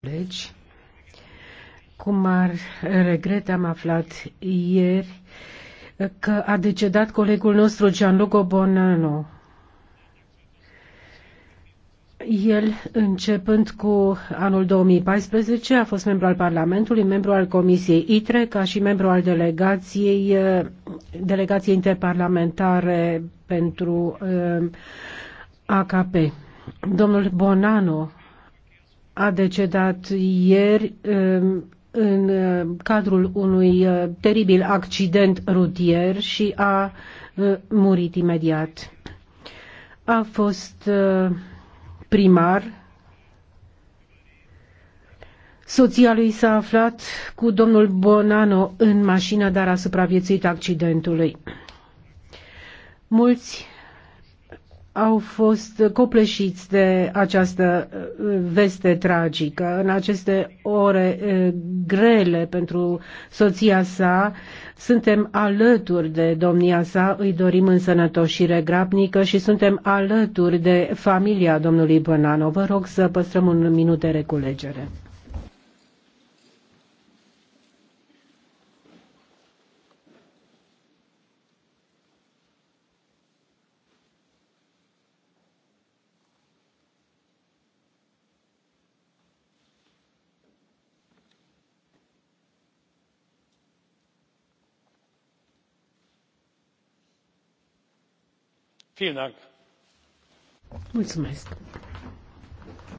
colegi, deci, cu mari regret am aflat ieri că a decedat colegul nostru Gianluca Bonanno. El, începând cu anul 2014, a fost membru al Parlamentului, membru al Comisiei ITRE, ca și membru al delegației, eh, delegației interparlamentare pentru eh, AKP. Domnul Bonano a decedat ieri um, în uh, cadrul unui uh, teribil accident rutier și a uh, murit imediat. A fost primar. Soția lui s-a aflat cu domnul Bonano în mașină, dar a supraviețuit accidentului. Mulți au fost copleșiți de această uh, veste tragică. În aceste ore uh, grele pentru soția sa, suntem alături de domnia sa, îi dorim însănătoșire grabnică și suntem alături de familia domnului Bănano. Vă rog să păstrăm un minut de reculegere. Mulțumesc.